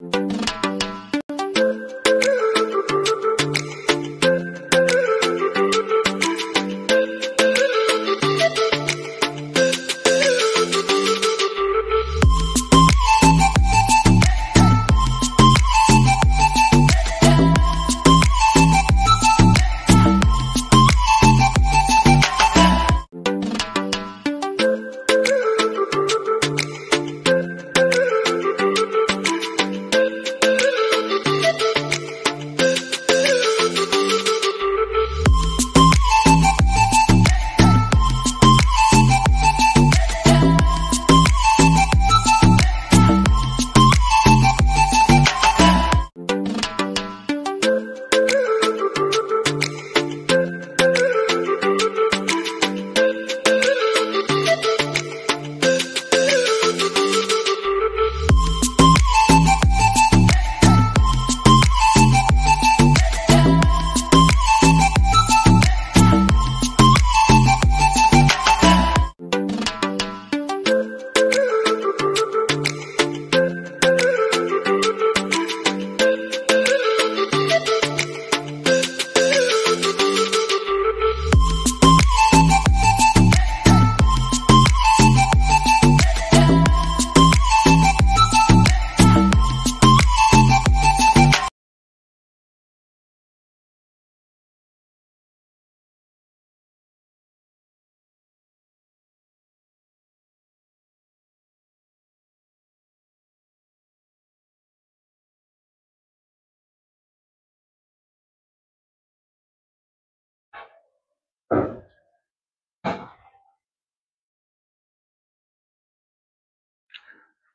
Thank you.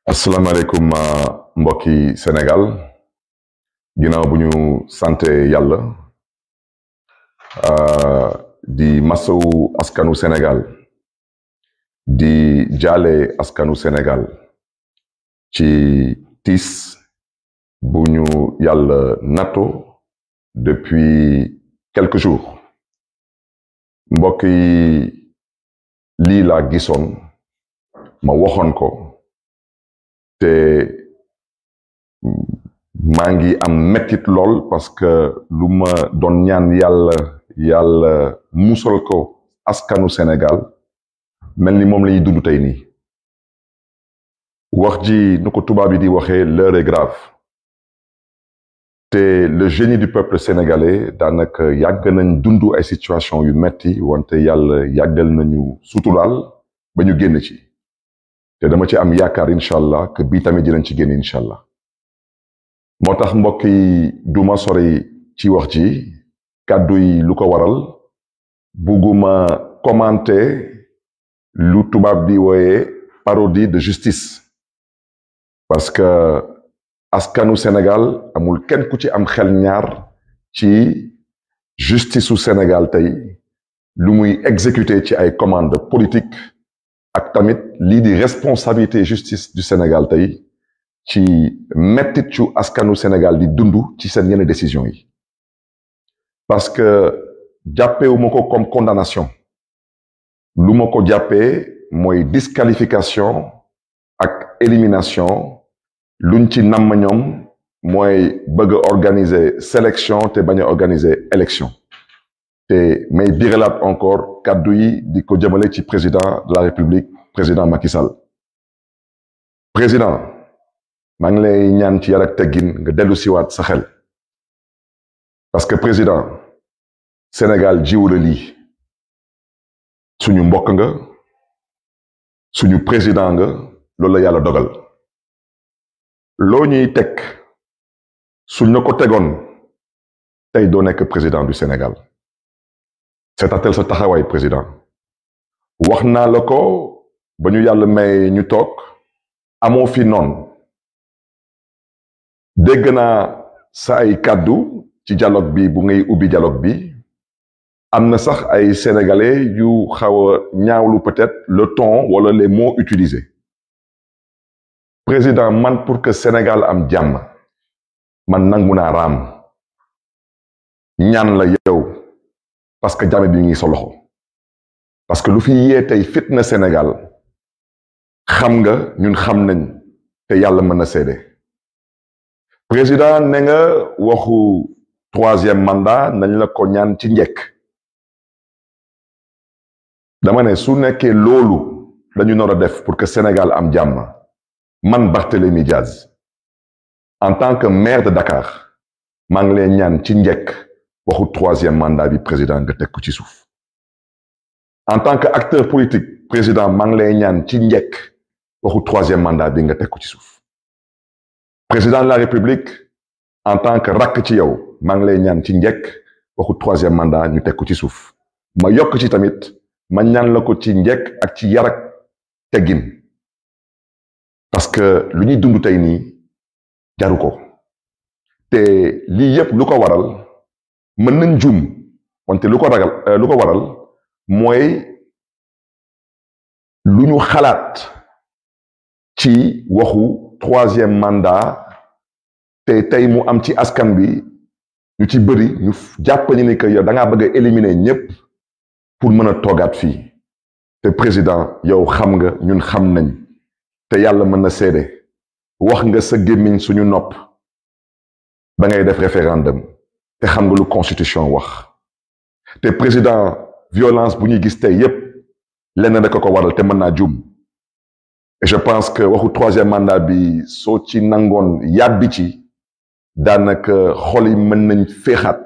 asalaamaaleykum ah, mbokki Sénégal ginnaaw bu ñu sante yàlla ah, di masawu askanu Sénégal di jaale askanu Sénégal ci tiis bu ñu yàlla natto depuis quelques jours mbokk yi lii laa gisoon ma waxoon ko te mangi am mettit lol parce que luma ma ñaan yalla yalla musal ko askanu Sénégal melni mom moom la ñuy dund tey nii wax ji nu tuba bi di waxe l'heure est grave te le génie du peuple sénégalais daanaka yag nañ dundu ay situation yu metti wante yalla yagal nañu suturaal bañu génn ci te dama ci am yaakaar incha allah que bii tamit dinañ ci génn incha allah moo tax mbokk yi du ma sori ci wax ci kàddu yi lu ko waral bugguma commenté lu tubaab bi wooye parodie de justice parce que askanu Sénégal amul kenn ku ci am xel ñaar ci justice su Sénégal tey lu muy exécuter ci ay commande politique tamit lii di responsabilité justice du Sénégal tay ci metti ci askanu Sénégal di qui ci sen yene décision yi parce que jappé wumako comme condamnation lu ma ko jàppee disqualification ak élimination luñ ci namm ñoom mooy bëgg organiser sélection te baña organiser élection et may biralaat encore kàddu yi di ko jëmale ci président de la République président Macky Sall président maa ngi lay ñaan ci yar ak teggin nga dellu siwaat sa xel parce que président Sénégal jiwu la lii suñu mbokk nga suñu président nga loolu la yàlla dogal loo ñuy teg suñ na ko tegoon tey doo nekk président du Sénégal seetaatal sa taxawaay président wax naa la ko ba ñu yàlla may ñu toog amoo fi noon dégg naa sa ay kàddu ci dialogue bi bu ngay ubbi dialogue bi am na sax ay sénégalais yu xaw a ñaawlu peut le ton wala les mots utilisés président man pour que Sénégal am jàmm man nangu naa raam ñaan la yow parce que jàmm bi ngi sa loxo parce que lu fi yee tey fitna Sénégal xam nga ñun xam nañ te yàlla mën na seede président ne nga waxu troisième mandat nañ la ko ñaan ci njëkk dama ne su nekkee loolu dañu nar def pour que Sénégal am jàmm man Barthélémy Diaz en tant que maire de Dakar maa ngi lay ñaan ci njëkk waxu troisième mandat bi président nga teg ci suuf en tant que acteur politique président maa lay ñaan ci njëkk waxu troisième mandat bi nga teg ci président de la république en tant que rakk ci yow maa ngi ñaan ci waxu troisième mandat ñu teg ci suuf ma yok ci tamit ma ñaan la ko ci ak ci yarak ak parce que l'unité ñuy dund ni, nii te lii yépp lu waral mën nañ juum wante lu ragal euh, lu waral mooy lu ñu ci waxu troisième mandat te tey mu am ci askan bi ñu ci bëri ñu jàpp ni que yow da ngaa bëgg éliminer ñëpp pour mën a toggaat fii te président yow xam nga ñun xam nañ te yàlla mën na seede wax nga sa gémmiñ suñu nopp ba ngay def référendum te xam nga lu constitution wax te président violence bu ñuy gis tey yépp lenn da ko ko waral te mën naa jum et je pense que waxu troisième mandat bi soo ci nangoon yàbbi ci danaka xol yi nañ fexat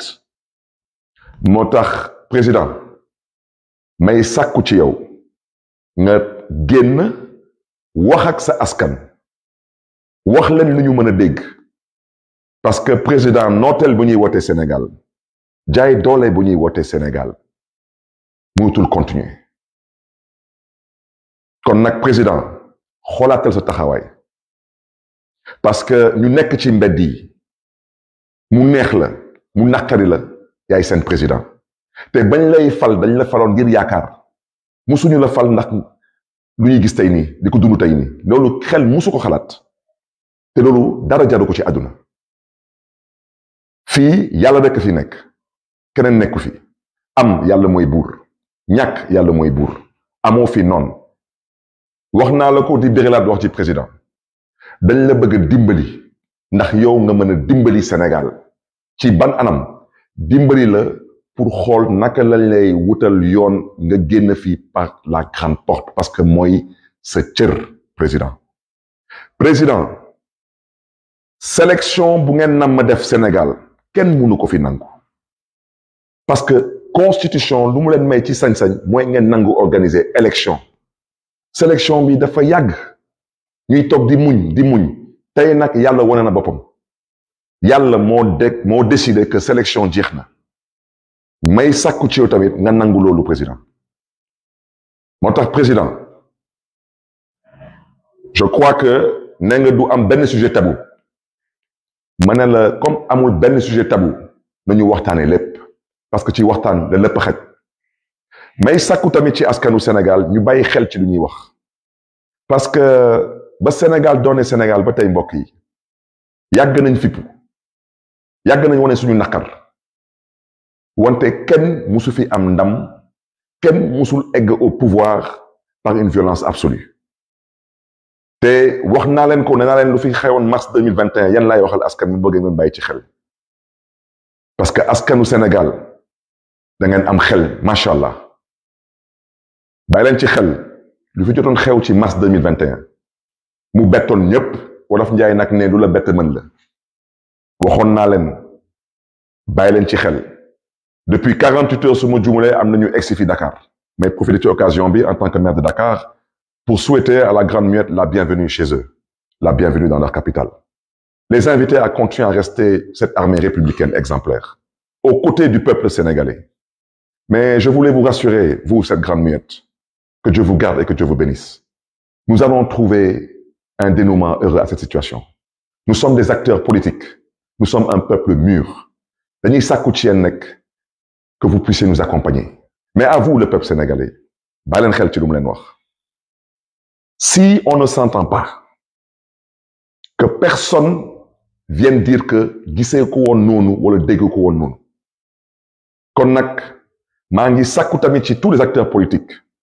motax président may sakku ci yow nga genn wax ak sa askan wax lañ luñu ñu dégg parce que président notel bu ñuy wootee Sénégal jaay doole bu ñuy wootee Sénégal mënatul continuer kon nak président xoolaatal sa taxawaay parce que ñu nekk ci mbedd yi mu neex la mu naqari la yaay seen président te bañ lay fal dañ la faloon ngir yaakaar musuñu la fal ndax lu ñuy gis tey nii di ko dund tey nii loolu xel musu ko xalaat te loolu dara jaru ko ci àdduna fii yàlla rekk fi nekk keneen nekku fi am yàlla mooy buur ñàkk yàlla mooy buur amoo fi noon wax naa la ko di bérilaat wax ci président dañ la bëgg dimbali ndax yow nga mëna dimbali Sénégal ci ban anam dimbali la pour xol naka lañ lay wutal yoon nga génn fi par la grande porte parce que moy sa cër président président sélection bu ngeen nam def Sénégal kenn mënu ko fi nangu parce que constitution lu mu leen may ci sañ-sañ mooy ngeen nangu organiser élection sélection bi dafa yag ñuy toog di muñ di muñ tay nak yalla wane na boppam Yalla moo de décidé que sélection jeex na may sakku ci yow tamit nga nangu président motax président je crois que ne nga du am ben sujet tabou ma comme amul ben sujet tabou nañu waxtaanee lepp parce que ci waxtaan la lépp may sàkku tamit ci askanu Sénégal ñu bàyyi xel ci lu ñuy wax parce que ba Sénégal doone Sénégal ba tey mbokk yi yàgg nañ fippu yàgg nañ wane suñu naqar wante kenn musu fi am ndam kenn musul egg au pouvoir par une violence absolue te wax naa leen ko nee naa leen lu fi xewoon mars yan laay waxal askan bi bëgg ngeen bàyyi ci xel parce que askanu Sénégal da ngeen am xel macha allah bàyyi ci xel lu fi jotoon xew ci mars 2021 mu bettoon ñépp wolof njaay nag ne lu la bett mën la waxoon naa leen ci depuis 48 heures su ma jumalee am nañu egsi fi Dakar mais profiter ci occasion bi en tant que maire de Dakar pour souhaiter à la Grande Muette la bienvenue chez eux la bienvenue dans leur capitale les inviter à continuer à rester cette armée républicaine exemplaire aux côtés du peuple sénégalais mais je voulais vous rassurer vous cette Grande Muette que Dieu vous garde et que Dieu vous bénisse. Nous allons trouver un dénouement heureux à cette situation. Nous sommes des acteurs politiques. Nous sommes un peuple mûr. que vous puissiez nous accompagner. Mais à vous, le peuple sénégalais, Si on ne s'entend pas, que personne vienne dire que tous les acteurs politiques.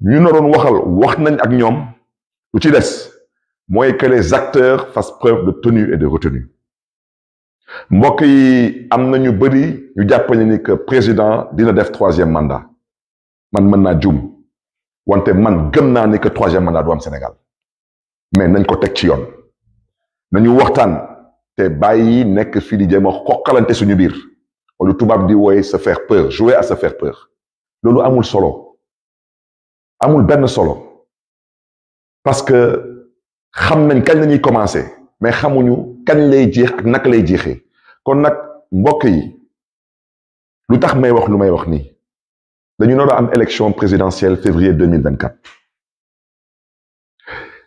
ñu naroon waxal wax nañ ak ñoom lu ci des mooy que les acteurs fassent preuve de tenue et de retenue mbokk yi am na ñu bëri ñu jàpp ne ni que président dina def troisième mandat man mën naa juum wante man gëm naa ni que troisième mandat du am Sénégal mais nañ ko teg ci yoon nañu waxtaan te bàyyi nekk fii di jéem a xoqalante suñu biir wala tubaab di wooye se faire peur jouer à se faire peur loolu amul solo amul ben solo parce que xam nañ kañ la commencé mais xamuñu kañ lay jeex ak naka lay jeexee kon nak mbokk yi lu tax may wax lu may wax ni dañu nar am élection présidentielle février 2024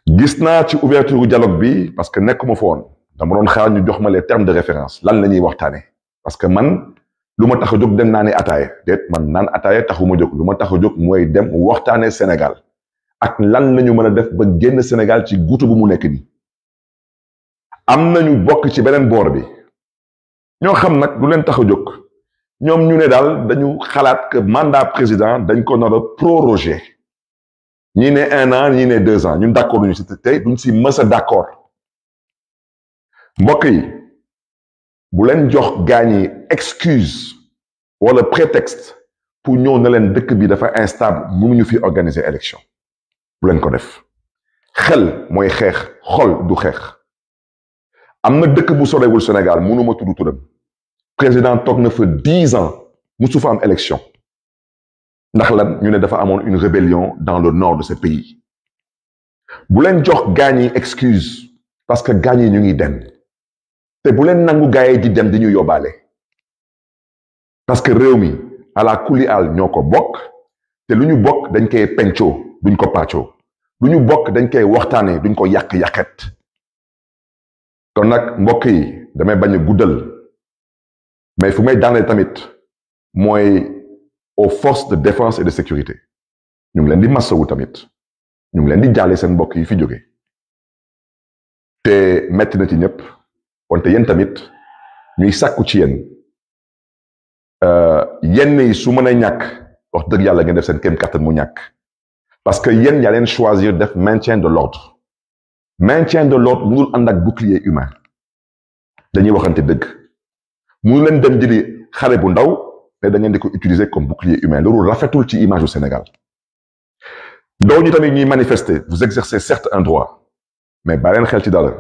gis naa ci ouverture dialogue bi parce que nekkuma fa woon dama doon xaar ñu jox ma les termes de référence lan lañuy ñuy waxtaane parce que man lu ma tax a jóg dem naa ni ataaye déet man naan ataaye taxuma jóg lu ma tax a jóg mooy dem waxtaanee Sénégal ak lan lañu mën a def ba génn Sénégal ci guutu bi mu nekk nii am nañu bokk ci beneen boor bi ñoo xam nag lu leen tax a jóg ñoom ñu ne daal dañu xalaat que mandat président dañ ko nar a proroger ñii ne un an ñii ne deux ñu ñun d'accord ñu si tey duñ si mës a d'accord mbokk yi bu leen jox gañi excuse wala prétexte pour ñoo na leen dëkk bi dafa instable ñu fi organiser élection bu leen ko def xel moy xex xol du xex amna dëkk bu sorewul Sénégal ma tudd turam président tok na fa dix ans musu fa am élection ndax lan ñu ne dafa amone une rébellion dans le nord de ce pays bu leen jox gañi excuse parce que gañi ñu ngi dem te bu leen nangu gaay di dem di ñu yóbbaale parce que réew mi ala kuli al ñoo ko bokk te lu ñu bokk dañ koy pencoo duñ ko pàccoo lu ñu bokk dañ koy waxtaanee duñ ko yàq-yàqet kon nag mbokk yi damay bañ a guddal mais fu may daanee tamit mooy aux forces de défense et de sécurité ñu ngi leen di massawu tamit ñu ngi leen di jaale seen mbokk yi fi jóge te metti na ci ñëpp wante yéen tamit ñuy sakku ci yéen euh, yenn yi su mën ñak wax deug yalla ngeen def sen kéem carte mu ñak parce que yéen yaa choisir def maintien de l'ordre maintien de l'ordre mënul ànd ak bouclier humain dañuy waxante deug mënu leen dem jëli xare bu ndaw mais da di ko utiliser comme bouclier humain loolu rafetul ci image du Sénégal ndaw ñi tamit ñuy manifester vous exercez certes un droit mais balen xel ci dalal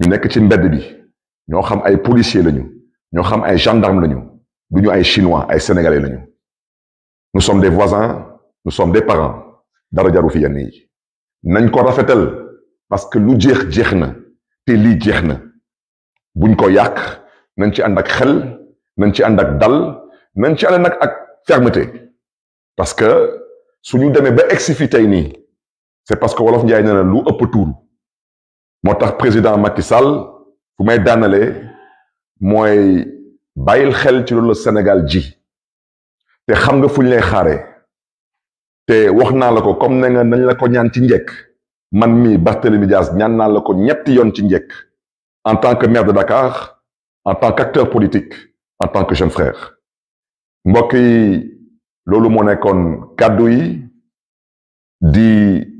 ñu nekk ci mbedd bi xam ay policiers lañu ñoo xam ay gendarmes lañu sommes ay chinois ay sénégalais nous sommes des voisins nous sommes des parents dara jaru fi yenn nañ ko parce que lu jeex jeex na te lii buñ ko yàq nañ ci ànd xel nañ ci ànd dal ci sommes ak fermeté parce que suñu nous sommes des parents. c'est parce que wolof njaay parents. na lu ëpp motax président Macky Sall fu may danalé moy bayil xel ci lolu Sénégal ji te xam nga fu ñu lay xaré te wax na la ko comme nga nañ la ko ñaan ci njëkk man mi Barthélémy Dias ñaan na la ko ñetti yoon ci en tant que maire de Dakar en tant qu'acteur politique en tant que jeune frère mbokk yi lolu mo nekkoon cadeau yi di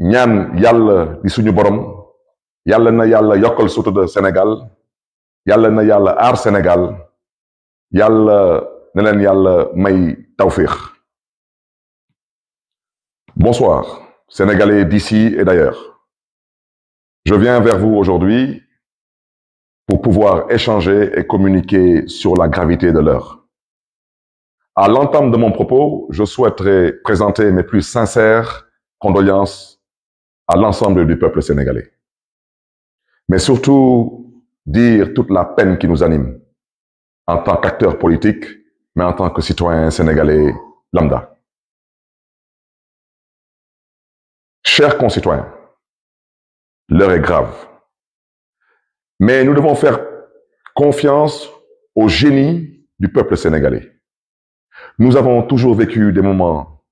ñaan yalla di suñu borom Yalla na de Sénégal yalla na Sénégal na may bonsoir Sénégalais d'ici et d'ailleurs je viens vers vous aujourd'hui pour pouvoir échanger et communiquer sur la gravité de l'heure. À l'entame de mon propos, je souhaiterais présenter mes plus sincères condoléances à l'ensemble du peuple sénégalais mais surtout dire toute la peine qui nous anime en tant qu'acteur politique, mais en tant que citoyen sénégalais lambda. Chers concitoyens, l'heure est grave. Mais nous devons faire confiance au génie du peuple sénégalais. Nous avons toujours vécu des moments,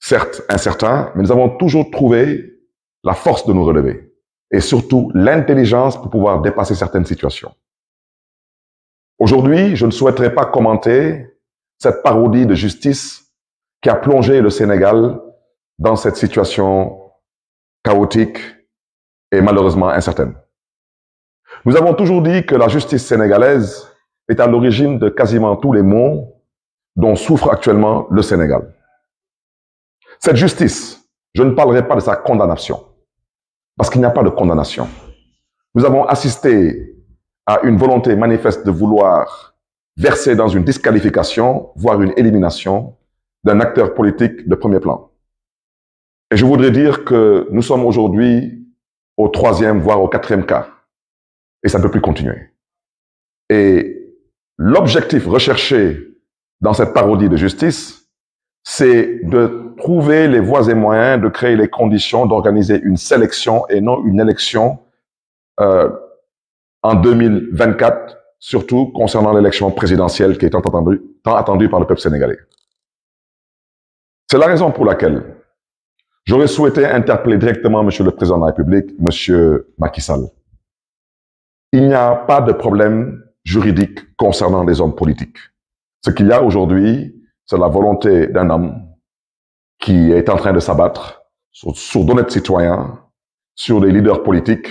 certes incertains, mais nous avons toujours trouvé la force de nous relever et surtout l'intelligence pour pouvoir dépasser certaines situations. Aujourd'hui, je ne souhaiterais pas commenter cette parodie de justice qui a plongé le Sénégal dans cette situation chaotique et malheureusement incertaine. Nous avons toujours dit que la justice sénégalaise est à l'origine de quasiment tous les maux dont souffre actuellement le Sénégal. Cette justice, je ne parlerai pas de sa condamnation. Parce qu'il n'y a pas de condamnation. Nous avons assisté à une volonté manifeste de vouloir verser dans une disqualification, voire une élimination d'un acteur politique de premier plan. Et je voudrais dire que nous sommes aujourd'hui au troisième, voire au quatrième cas. Et ça ne peut plus continuer. Et l'objectif recherché dans cette parodie de justice, c'est de trouver les voies et moyens de créer les conditions d'organiser une sélection et non une élection euh, en 2024, surtout concernant l'élection présidentielle qui est tant attendue, tant attendue par le peuple sénégalais. C'est la raison pour laquelle j'aurais souhaité interpeller directement Monsieur le Président de la République, M. Macky Sall. Il n'y a pas de problème juridique concernant les hommes politiques. Ce qu'il y a aujourd'hui, c'est la volonté d'un homme qui est en train de s'abattre sur, d'honnêtes citoyens, sur des leaders politiques